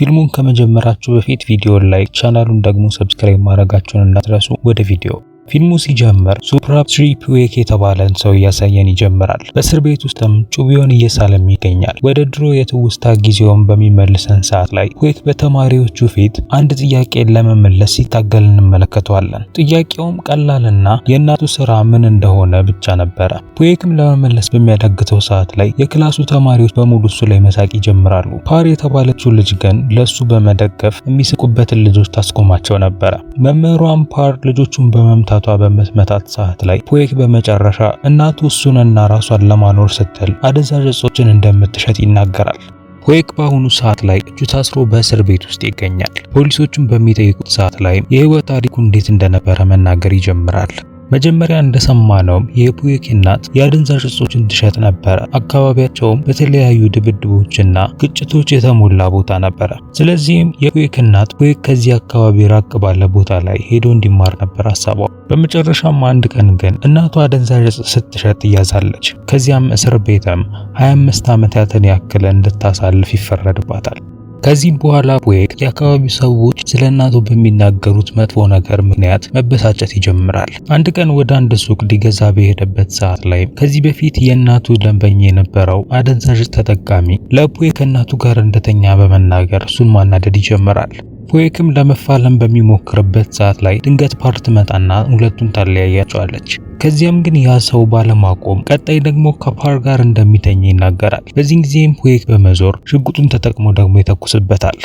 ፊልሙን ከመጀመራችሁ በፊት ቪዲዮ ላይክ፣ ቻናሉን ደግሞ ሰብስክራይብ ማድረጋችሁን እንዳትረሱ። ወደ ቪዲዮ ፊልሙ ሲጀምር ሱፕራብ ትሪፕዌክ የተባለን ሰው እያሳየን ይጀምራል። በእስር ቤት ውስጥም ጩቢዮን እየሳለም ይገኛል። ወደ ድሮ የትውስታ ጊዜውን በሚመልሰን ሰዓት ላይ ዌክ በተማሪዎቹ ፊት አንድ ጥያቄን ለመመለስ ሲታገል እንመለከተዋለን። ጥያቄውም ቀላልና የእናቱ ስራ ምን እንደሆነ ብቻ ነበረ። ዌክም ለመመለስ በሚያዳግተው ሰዓት ላይ የክላሱ ተማሪዎች በሙሉ እሱ ላይ መሳቅ ይጀምራሉ። ፓር የተባለችው ልጅ ግን ለሱ በመደገፍ የሚስቁበትን ልጆች ታስቆማቸው ነበረ። መምህሯም ፓር ልጆቹን በመምታ በአባቷ በምትመታት ሰዓት ላይ ፖክ በመጨረሻ እናቱ እሱንና ራሷን ለማኖር ስትል አደንዛዥ እጾችን እንደምትሸጥ ይናገራል። ፖክ በአሁኑ ሰዓት ላይ እጁ ታስሮ በእስር ቤት ውስጥ ይገኛል። ፖሊሶቹም በሚጠይቁት ሰዓት ላይ የህይወት ታሪኩ እንዴት እንደነበረ መናገር ይጀምራል። መጀመሪያ እንደሰማነውም የቡዩኪ እናት የአደንዛዥ እጾችን ትሸጥ ነበረ። አካባቢያቸውም በተለያዩ ድብድቦችና ግጭቶች የተሞላ ቦታ ነበረ። ስለዚህም የቡዩኪ እናት ቡዩክ ከዚህ አካባቢ ራቅ ባለ ቦታ ላይ ሄዶ እንዲማር ነበር ሀሳቧ። በመጨረሻም አንድ ቀን ግን እናቷ አደንዛዥ እጽ ስትሸጥ ያዛለች ከዚያም እስር ቤትም 25 ዓመታትን ያክል እንድታሳልፍ ይፈረድባታል። ከዚህም በኋላ ቡዌክ የአካባቢው ሰዎች ስለ እናቱ በሚናገሩት መጥፎ ነገር ምክንያት መበሳጨት ይጀምራል። አንድ ቀን ወደ አንድ ሱቅ ሊገዛ በሄደበት ሰዓት ላይ ከዚህ በፊት የእናቱ ደንበኛ የነበረው አደንዛዥ ተጠቃሚ ለቡዌክ ከእናቱ ጋር እንደተኛ በመናገር እሱን ማናደድ ይጀምራል። ፖዌክም ለመፋለም በሚሞክርበት ሰዓት ላይ ድንገት ፓርት መጣና ሁለቱን ታለያያቸዋለች። ከዚያም ግን ያ ሰው ባለማቆም ቀጣይ ደግሞ ከፓር ጋር እንደሚተኝ ይናገራል። በዚህን ጊዜም ፖዌክ በመዞር ሽጉጡን ተጠቅሞ ደግሞ ይተኩስበታል።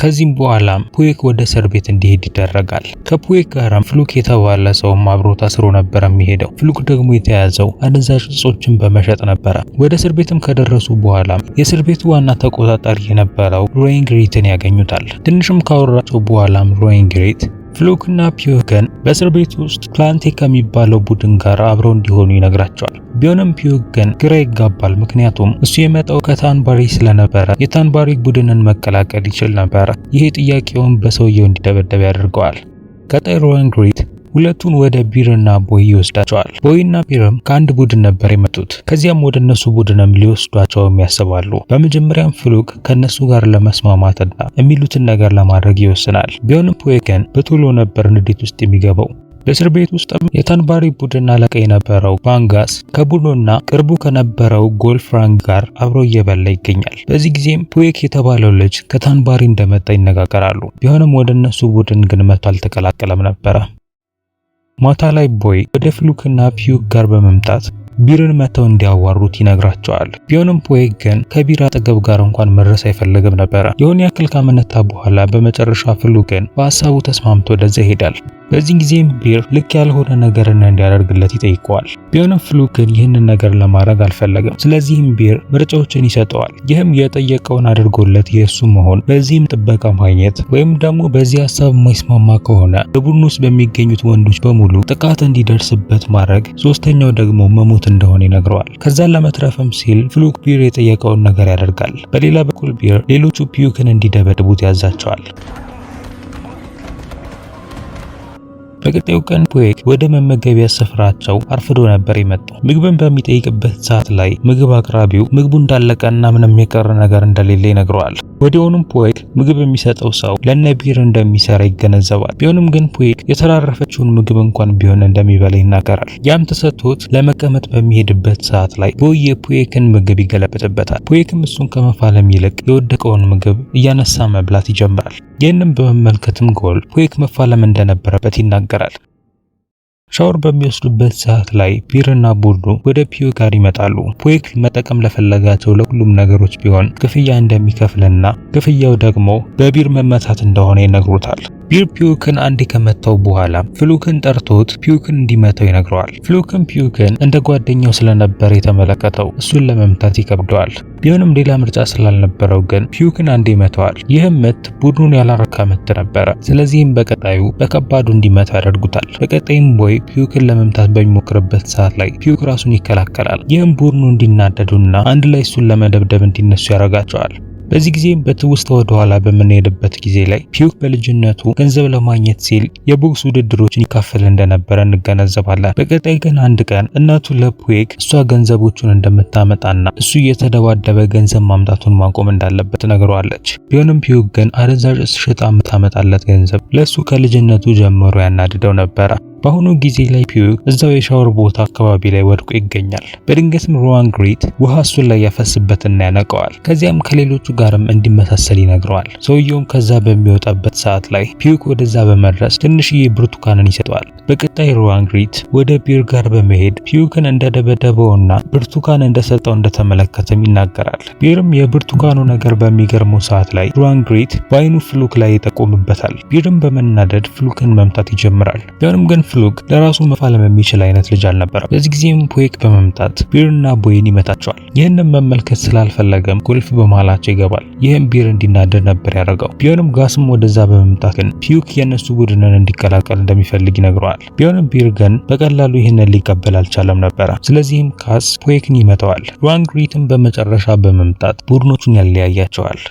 ከዚህም በኋላም ፑዌክ ወደ እስር ቤት እንዲሄድ ይደረጋል። ከፑዌክ ጋራም ፍሉክ የተባለ ሰውም አብሮ ታስሮ ነበር የሚሄደው። ፍሉክ ደግሞ የተያዘው አደንዛዥ እጾችን በመሸጥ ነበረ። ወደ እስር ቤትም ከደረሱ በኋላም የእስር ቤቱ ዋና ተቆጣጣሪ የነበረው ሮይንግሪትን ያገኙታል። ትንሽም ካወራቸው በኋላም ሮይንግሪት ፍሉክና ፒዮገን በእስር ቤት ውስጥ ክላንቴ ከሚባለው ቡድን ጋር አብረው እንዲሆኑ ይነግራቸዋል። ቢሆንም ፒዮገን ግራ ይጋባል። ምክንያቱም እሱ የመጣው ከታንባሪ ስለነበረ የታንባሪ ቡድንን መቀላቀል ይችል ነበረ። ይህ ጥያቄውን በሰውየው እንዲደበደብ ያደርገዋል። ከጠሮንግሪት ሁለቱን ወደ ቢርና ቦይ ይወስዳቸዋል። ቦይና ቢርም ከአንድ ቡድን ነበር የመጡት። ከዚያም ወደ እነሱ ቡድንም ሊወስዷቸውም ያስባሉ። በመጀመሪያም ፍሉክ ከእነሱ ጋር ለመስማማትና የሚሉትን ነገር ለማድረግ ይወስናል። ቢሆንም ቦይ ግን በቶሎ ነበር ንዴት ውስጥ የሚገባው። በእስር ቤት ውስጥም የተንባሪ ቡድን አለቃ የነበረው ባንጋስ ከቡድኑና ቅርቡ ከነበረው ጎልፍራንግ ጋር አብሮ እየበላ ይገኛል። በዚህ ጊዜም ፑዌክ የተባለው ልጅ ከተንባሪ እንደመጣ ይነጋገራሉ። ቢሆንም ወደ እነሱ ቡድን ግን መጥቶ አልተቀላቀለም ነበረ። ማታ ላይ ቦይ ወደ ፍሉክና ፒዩክ ጋር በመምጣት ቢርን መተው እንዲያዋሩት ይነግራቸዋል። ቢሆንም ቦይ ግን ከቢር አጠገብ ጋር እንኳን መድረስ አይፈልግም ነበረ። የሆነ ያክል ካመነታ በኋላ በመጨረሻ ፍሉክን በሀሳቡ ተስማምቶ ወደዚያ ይሄዳል። በዚህ ጊዜም ቢር ልክ ያልሆነ ነገርን እንዲያደርግለት ይጠይቀዋል። ቢሆንም ፍሉክ ግን ይህንን ነገር ለማድረግ አልፈለገም። ስለዚህም ቢር ምርጫዎችን ይሰጠዋል። ይህም የጠየቀውን አድርጎለት የእሱ መሆን፣ በዚህም ጥበቃ ማግኘት ወይም ደግሞ በዚህ ሀሳብ የማይስማማ ከሆነ በቡድን ውስጥ በሚገኙት ወንዶች በሙሉ ጥቃት እንዲደርስበት ማድረግ፣ ሶስተኛው ደግሞ መሞት እንደሆነ ይነግረዋል። ከዛ ለመትረፍም ሲል ፍሉክ ቢር የጠየቀውን ነገር ያደርጋል። በሌላ በኩል ቢር ሌሎቹ ፒዩክን እንዲደበድቡት ያዛቸዋል። በቀጣዩ ቀን ፖዌክ ወደ መመገቢያ ስፍራቸው አርፍዶ ነበር የመጣው። ምግብን በሚጠይቅበት ሰዓት ላይ ምግብ አቅራቢው ምግቡ እንዳለቀና ምንም የቀረ ነገር እንደሌለ ይነግረዋል። ወዲያውኑም ፖዌክ ምግብ የሚሰጠው ሰው ለነቢር እንደሚሰራ ይገነዘባል። ቢሆንም ግን ፖዌክ የተራረፈችውን ምግብ እንኳን ቢሆን እንደሚበላ ይናገራል። ያም ተሰጥቶት ለመቀመጥ በሚሄድበት ሰዓት ላይ ቦይ የፖዌክን ምግብ ይገለበጥበታል። ፖዌክም እሱን ከመፋለም ይልቅ የወደቀውን ምግብ እያነሳ መብላት ይጀምራል። ይህንም በመመልከትም ጎል ኩዌክ መፋለም እንደነበረበት ይናገራል። ሻወር በሚወስዱበት ሰዓት ላይ ፒርና ቡድኑ ወደ ፒዩ ጋር ይመጣሉ። ፑይክ መጠቀም ለፈለጋቸው ለሁሉም ነገሮች ቢሆን ክፍያ እንደሚከፍልና ክፍያው ደግሞ በቢር መመታት እንደሆነ ይነግሩታል። ቢር ፒዩክን አንዴ ከመታው በኋላ ፍሉክን ጠርቶት ፒዩክን እንዲመታው ይነግረዋል። ፍሉክን ፒዩክን እንደ ጓደኛው ስለነበር የተመለከተው እሱን ለመምታት ይከብደዋል። ቢሆንም ሌላ ምርጫ ስላልነበረው ግን ፒዩክን አንዴ ይመታዋል። ይህም ምት ቡድኑን ያላረካ ምት ነበረ። ስለዚህም በቀጣዩ በከባዱ እንዲመታው ያደርጉታል። በቀጣይም ቦይ ፒዩክን ለመምታት በሚሞክርበት ሰዓት ላይ ፒዩክ ራሱን ይከላከላል። ይህም ቡድኑ እንዲናደዱና አንድ ላይ እሱን ለመደብደብ እንዲነሱ ያደርጋቸዋል። በዚህ ጊዜ በትውስታ ወደኋላ በምንሄድበት ጊዜ ላይ ፒዩክ በልጅነቱ ገንዘብ ለማግኘት ሲል የቦክስ ውድድሮችን ይካፈል እንደነበረ እንገነዘባለን። በቀጣይ ግን አንድ ቀን እናቱ ለፑዌክ እሷ ገንዘቦቹን እንደምታመጣና እሱ እየተደባደበ ገንዘብ ማምጣቱን ማቆም እንዳለበት ነግሯለች። ቢሆንም ፒዩክ ግን አደንዛዥ ሽጣ የምታመጣለት ገንዘብ ለእሱ ከልጅነቱ ጀምሮ ያናድደው ነበረ። በአሁኑ ጊዜ ላይ ፒዩክ እዛው የሻወር ቦታ አካባቢ ላይ ወድቆ ይገኛል። በድንገትም ሮዋን ግሪት ውሃ እሱን ላይ ያፈስበትና ያነቀዋል። ከዚያም ከሌሎቹ ጋርም እንዲመሳሰል ይነግረዋል። ሰውየውም ከዛ በሚወጣበት ሰዓት ላይ ፒዩክ ወደዛ በመድረስ ትንሽዬ ብርቱካንን ይሰጠዋል። በቀጣይ ሮዋን ግሪት ወደ ቢር ጋር በመሄድ ፒዩክን እንደደበደበውና ብርቱካን እንደሰጠው እንደተመለከተም ይናገራል። ቢርም የብርቱካኑ ነገር በሚገርመው ሰዓት ላይ ሮዋን ግሪት በአይኑ ፍሉክ ላይ ይጠቁምበታል። ቢርም በመናደድ ፍሉክን መምታት ይጀምራል። ቢሆንም ግን ፍሉክ ለራሱ መፋለም የሚችል አይነት ልጅ አልነበረም። በዚህ ጊዜም ፖክ በመምጣት ቢርና ቦይን ይመታቸዋል። ይህንም መመልከት ስላልፈለገም ቁልፍ በመሃላቸው ይገባል። ይህም ቢር እንዲናደር ነበር ያደረገው። ቢሆንም ጋስም ወደዛ በመምጣት ግን ፒዩክ የእነሱ ቡድንን እንዲቀላቀል እንደሚፈልግ ይነግረዋል። ቢሆንም ቢር ግን በቀላሉ ይህንን ሊቀበል አልቻለም ነበረ። ስለዚህም ካስ ፖክን ይመተዋል። ሩዋንግሪትም በመጨረሻ በመምጣት ቡድኖቹን ያለያያቸዋል።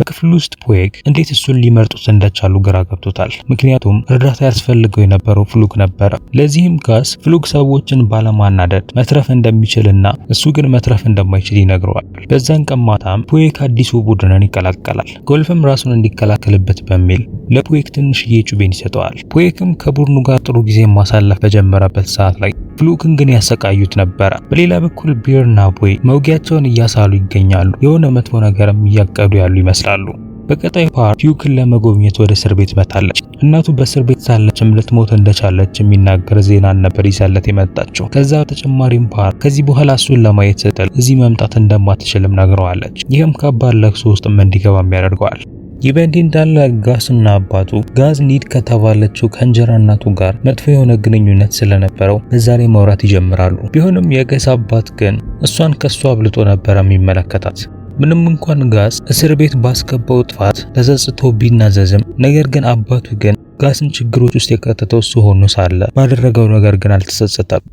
በክፍሉ ውስጥ ፖዬግ እንዴት እሱን ሊመርጡት እንደቻሉ ግራ ገብቶታል። ምክንያቱም እርዳታ ያስፈልገው የነበረው ፍሉክ ነበረ። ለዚህም ጋስ ፍሉክ ሰዎችን ባለማናደድ መትረፍ እንደሚችልና እሱ ግን መትረፍ እንደማይችል ይነግረዋል። በዛን ቀን ማታም ፖዬግ አዲሱ ቡድንን ይቀላቀላል። ጎልፍም ራሱን እንዲከላከልበት በሚል ለፖዬግ ትንሽዬ ጩቤን ይሰጠዋል። ፖዬግም ከቡድኑ ጋር ጥሩ ጊዜ ማሳለፍ በጀመረበት ሰዓት ላይ ፍሉክን ግን ያሰቃዩት ነበረ። በሌላ በኩል ቢርና ቦይ መውጊያቸውን እያሳሉ ይገኛሉ። የሆነ መጥፎ ነገርም እያቀዱ ያሉ ይመስላል። ይመስላሉ። በቀጣይ ፓርት ሂውክን ለመጎብኘት ወደ እስር ቤት መታለች። እናቱ በእስር ቤት ሳለችም ልትሞት እንደቻለች የሚናገር ዜናን ነበር ይዛለት የመጣቸው። ከዛ በተጨማሪም ፓርት ከዚህ በኋላ እሱን ለማየት ስትል እዚህ መምጣት እንደማትችልም ነግረዋለች። ይህም ከባድ ለቅሶ ውስጥም እንዲገባም ያደርገዋል። ይህ በእንዲህ እንዳለ ጋስና አባቱ ጋዝ ኒድ ከተባለችው ከእንጀራ እናቱ ጋር መጥፎ የሆነ ግንኙነት ስለነበረው በዛ ላይ ማውራት ይጀምራሉ። ቢሆንም የገስ አባት ግን እሷን ከሷ አብልጦ ነበር የሚመለከታት። ምንም እንኳን ጋስ እስር ቤት ባስገባው ጥፋት ተጸጽቶ ቢናዘዝም ነገር ግን አባቱ ግን ጋስን ችግሮች ውስጥ የከተተው እሱ ሆኖ ሳለ ባደረገው ነገር ግን አልተጸጸተም።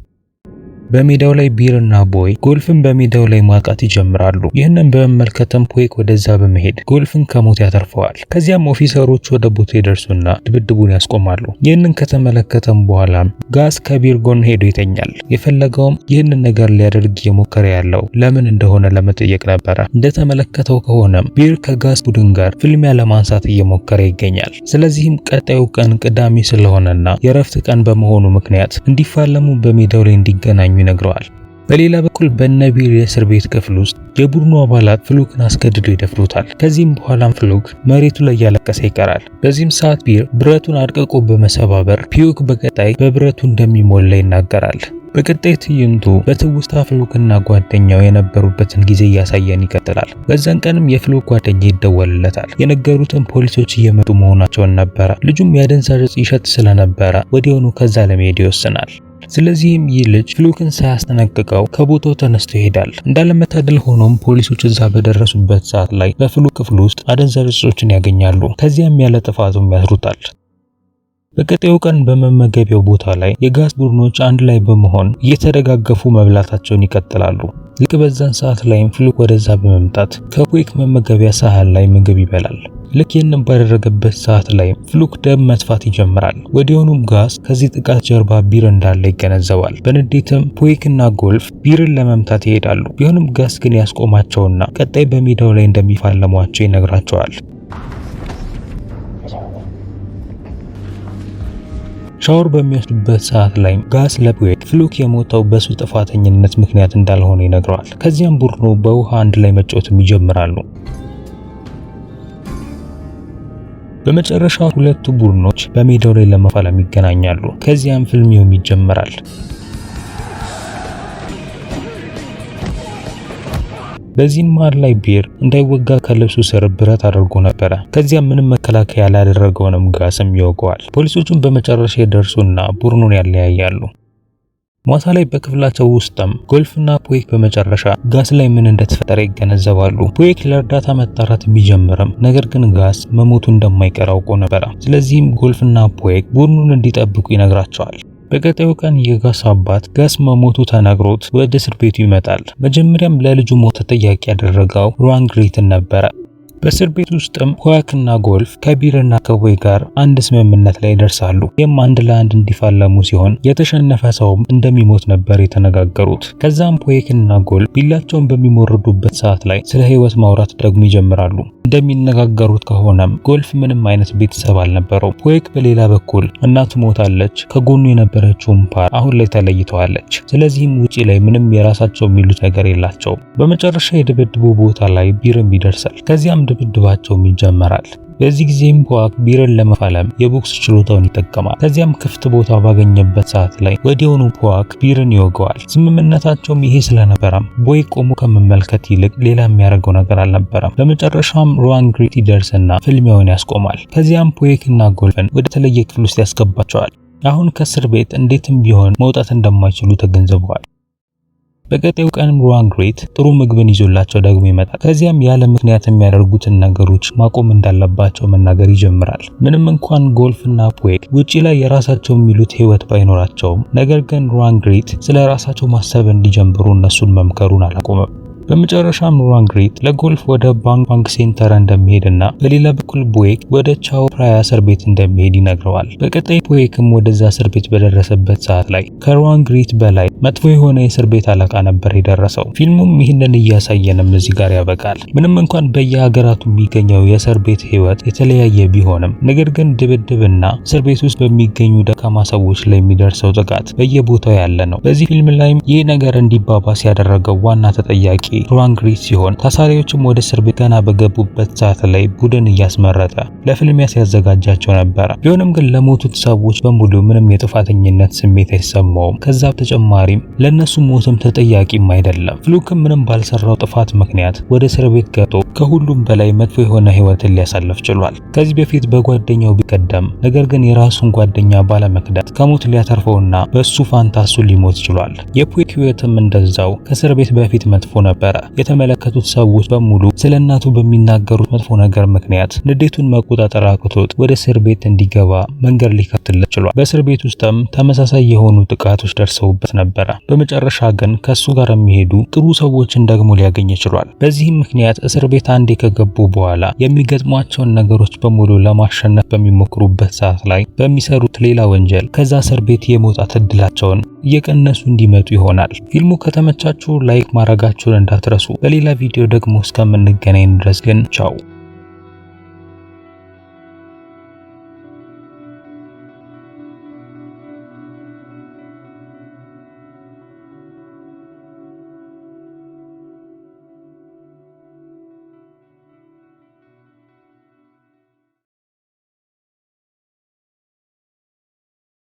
በሜዳው ላይ እና ቦይ ጎልፍን በሜዳው ላይ ማቃት ይጀምራሉ። ይህንን በመመልከትም ፖይክ ወደዛ በመሄድ ጎልፍን ከሞት ያተርፈዋል። ከዚያም ኦፊሰሮች ወደ ቦታ ይደርሱና ድብድቡን ያስቆማሉ። ይህንን ከተመለከተም በኋላም ጋስ ከቢር ጎን ሄዶ ይተኛል። የፈለገውም ይህንን ነገር ሊያደርግ የሞከረ ያለው ለምን እንደሆነ ለመጠየቅ ነበረ። እንደተመለከተው ከሆነም ቢር ከጋስ ቡድን ጋር ፍልሚያ ለማንሳት እየሞከረ ይገኛል። ስለዚህም ቀጣዩ ቀን ቅዳሜ ስለሆነና የእረፍት ቀን በመሆኑ ምክንያት እንዲፋለሙ በሜዳው ላይ እንዲገናኙ ይነግረዋል። በሌላ በኩል በነቢል የእስር ቤት ክፍል ውስጥ የቡድኑ አባላት ፍሉክን አስገድደው ይደፍሩታል። ከዚህም በኋላም ፍሉክ መሬቱ ላይ እያለቀሰ ይቀራል። በዚህም ሰዓት ቢር ብረቱን አድቅቆ በመሰባበር ፒዮክ በቀጣይ በብረቱ እንደሚሞላ ይናገራል። በቀጣይ ትዕይንቱ በትውስታ ፍሉክና ጓደኛው የነበሩበትን ጊዜ እያሳየን ይቀጥላል። በዛን ቀንም የፍሉክ ጓደኛ ይደወልለታል። የነገሩትን ፖሊሶች እየመጡ መሆናቸውን ነበረ። ልጁም የአደንዛዥ ይሸት ይሸጥ ስለነበረ ወዲያውኑ ከዛ ለመሄድ ይወስናል። ስለዚህም ይህ ልጅ ፍሉክን ሳያስጠነቅቀው ከቦታው ተነስቶ ይሄዳል። እንዳለመታደል ሆኖም ፖሊሶች እዛ በደረሱበት ሰዓት ላይ በፍሉክ ክፍል ውስጥ አደንዛዥ እጾችን ያገኛሉ። ከዚያም ያለ ጥፋቱም ያስሩታል። በቀጣዩ ቀን በመመገቢያው ቦታ ላይ የጋዝ ቡድኖች አንድ ላይ በመሆን እየተደጋገፉ መብላታቸውን ይቀጥላሉ። ልክ በዛን ሰዓት ላይም ፍሉክ ወደዛ በመምጣት ከኩክ መመገቢያ ሳህን ላይ ምግብ ይበላል። ልክ ይህንን ባደረገበት ሰዓት ላይ ፍሉክ ደም መስፋት ይጀምራል። ወዲያውኑም ጋስ ከዚህ ጥቃት ጀርባ ቢር እንዳለ ይገነዘባል። በንዴትም ፖይክና ጎልፍ ቢርን ለመምታት ይሄዳሉ። ቢሆንም ጋስ ግን ያስቆማቸውና ቀጣይ በሜዳው ላይ እንደሚፋለሟቸው ይነግራቸዋል። ሻወር በሚወስዱበት ሰዓት ላይ ጋስ ለፕዌክ ፍሉክ የሞተው በሱ ጥፋተኝነት ምክንያት እንዳልሆነ ይነግረዋል። ከዚያም ቡድኑ በውሃ አንድ ላይ መጫወትም ይጀምራሉ። በመጨረሻ ሁለቱ ቡድኖች በሜዳው ላይ ለመፋለም ይገናኛሉ። ከዚያም ፍልሚውም ይጀምራል። በዚህን መሃል ላይ ቢር እንዳይወጋ ከልብሱ ስር ብረት አድርጎ ነበረ። ከዚያ ምንም መከላከያ ያላደረገውንም ጋስም ይወገዋል። ፖሊሶቹም በመጨረሻ ይደርሱና ቡድኑን ያለያያሉ። ማታ ላይ በክፍላቸው ውስጥም ጎልፍና ፖክ በመጨረሻ ጋስ ላይ ምን እንደተፈጠረ ይገነዘባሉ። ፖክ ለእርዳታ መጣራት ቢጀምርም ነገር ግን ጋስ መሞቱ እንደማይቀር አውቆ ነበረ። ስለዚህም ጎልፍና ፖክ ቡድኑን እንዲጠብቁ ይነግራቸዋል። በቀጣዩ ቀን የጋስ አባት ጋስ መሞቱ ተነግሮት ወደ እስር ቤቱ ይመጣል። መጀመሪያም ለልጁ ሞት ተጠያቂ ያደረገው ሩዋንግሪትን ነበረ። በእስር ቤት ውስጥም ኮያክና ጎልፍ ከቢርና ከቦይ ጋር አንድ ስምምነት ላይ ይደርሳሉ። ይህም አንድ ለአንድ እንዲፋለሙ ሲሆን የተሸነፈ ሰውም እንደሚሞት ነበር የተነጋገሩት። ከዛም ኮያክና ጎልፍ ቢላቸውን በሚሞርዱበት ሰዓት ላይ ስለ ህይወት ማውራት ደግሞ ይጀምራሉ። እንደሚነጋገሩት ከሆነም ጎልፍ ምንም አይነት ቤተሰብ አልነበረው። ፖይክ በሌላ በኩል እናቱ ሞታለች፣ ከጎኑ የነበረችውም ፓር አሁን ላይ ተለይተዋለች። ስለዚህም ውጪ ላይ ምንም የራሳቸው የሚሉት ነገር የላቸውም። በመጨረሻ የድብድቡ ቦታ ላይ ቢርም ይደርሳል። ከዚያም ድብድባቸውም ይጀመራል። በዚህ ጊዜም ፖዋክ ቢረን ለመፋለም የቦክስ ችሎታውን ይጠቀማል። ከዚያም ክፍት ቦታ ባገኘበት ሰዓት ላይ ወዲያውኑ ፖዋክ ቢርን ይወገዋል። ስምምነታቸውም ይሄ ስለነበረም ቦይ ቆሞ ከመመልከት ይልቅ ሌላ የሚያደርገው ነገር አልነበረም። በመጨረሻም ሩዋንግሪት ይደርስና ፍልሚያውን ያስቆማል። ከዚያም ፖዌክና ጎልፈን ወደ ተለየ ክፍል ውስጥ ያስገባቸዋል። አሁን ከእስር ቤት እንዴትም ቢሆን መውጣት እንደማይችሉ ተገንዝበዋል። በቀጣዩ ቀን ግሬት ጥሩ ምግብን ይዞላቸው ደግሞ ይመጣል። ከዚያም ያለ ምክንያት የሚያደርጉትን ነገሮች ማቆም እንዳለባቸው መናገር ይጀምራል። ምንም እንኳን ጎልፍና ፖክ ውጪ ላይ የራሳቸው የሚሉት ህይወት ባይኖራቸውም ነገር ግን ግሬት ስለ ራሳቸው ማሰብ እንዲጀምሩ እነሱን መምከሩን አላቆመም። በመጨረሻም ራንግሪት ለጎልፍ ወደ ባንክ ባንክ ሴንተር እንደሚሄድና በሌላ በኩል ቦይክ ወደ ቻው ፕራያ እስር ቤት እንደሚሄድ ይነግረዋል። በቀጣይ ቦይክም ወደዛ እስር ቤት በደረሰበት ሰዓት ላይ ከራንግሪት በላይ መጥፎ የሆነ የእስር ቤት አለቃ ነበር የደረሰው። ፊልሙም ይህንን እያሳየንም እዚህ ጋር ያበቃል። ምንም እንኳን በየሀገራቱ የሚገኘው የእስር ቤት ህይወት የተለያየ ቢሆንም ነገር ግን ድብድብና እስር ቤት ውስጥ በሚገኙ ደካማ ሰዎች ላይ የሚደርሰው ጥቃት በየቦታው ያለ ነው። በዚህ ፊልም ላይም ይህ ነገር እንዲባባስ ያደረገው ዋና ተጠያቂ ሩዋን ግሪስ ሲሆን ታሳሪዎችም ወደ እስር ቤት ገና በገቡበት ሰዓት ላይ ቡድን እያስመረጠ ለፍልሚያ ሲያዘጋጃቸው ነበር። ቢሆንም ግን ለሞቱት ሰዎች በሙሉ ምንም የጥፋተኝነት ስሜት አይሰማውም። ከዛ በተጨማሪም ለእነሱ ሞትም ተጠያቂም አይደለም። ፍሉክም ምንም ባልሰራው ጥፋት ምክንያት ወደ እስር ቤት ገብቶ ከሁሉም በላይ መጥፎ የሆነ ህይወትን ሊያሳልፍ ችሏል። ከዚህ በፊት በጓደኛው ቢቀደም፣ ነገር ግን የራሱን ጓደኛ ባለመክዳት ከሞት ሊያተርፈውና በእሱ ፋንታሱ ሊሞት ችሏል። የፑክ ህይወትም እንደዛው ከእስር ቤት በፊት መጥፎ ነበር። ነበረ። የተመለከቱት ሰዎች በሙሉ ስለ እናቱ በሚናገሩት መጥፎ ነገር ምክንያት ንዴቱን መቆጣጠር አቅቶት ወደ እስር ቤት እንዲገባ መንገድ ሊከፍትለት ችሏል። በእስር ቤት ውስጥም ተመሳሳይ የሆኑ ጥቃቶች ደርሰውበት ነበረ። በመጨረሻ ግን ከእሱ ጋር የሚሄዱ ጥሩ ሰዎችን ደግሞ ሊያገኝ ችሏል። በዚህም ምክንያት እስር ቤት አንዴ ከገቡ በኋላ የሚገጥሟቸውን ነገሮች በሙሉ ለማሸነፍ በሚሞክሩበት ሰዓት ላይ በሚሰሩት ሌላ ወንጀል ከዛ እስር ቤት የመውጣት እድላቸውን እየቀነሱ እንዲመጡ ይሆናል። ፊልሙ ከተመቻችሁ ላይክ ማድረጋችሁን እንዳ እንዳትረሱ። በሌላ ቪዲዮ ደግሞ እስከምንገናኝ ድረስ ግን ቻው።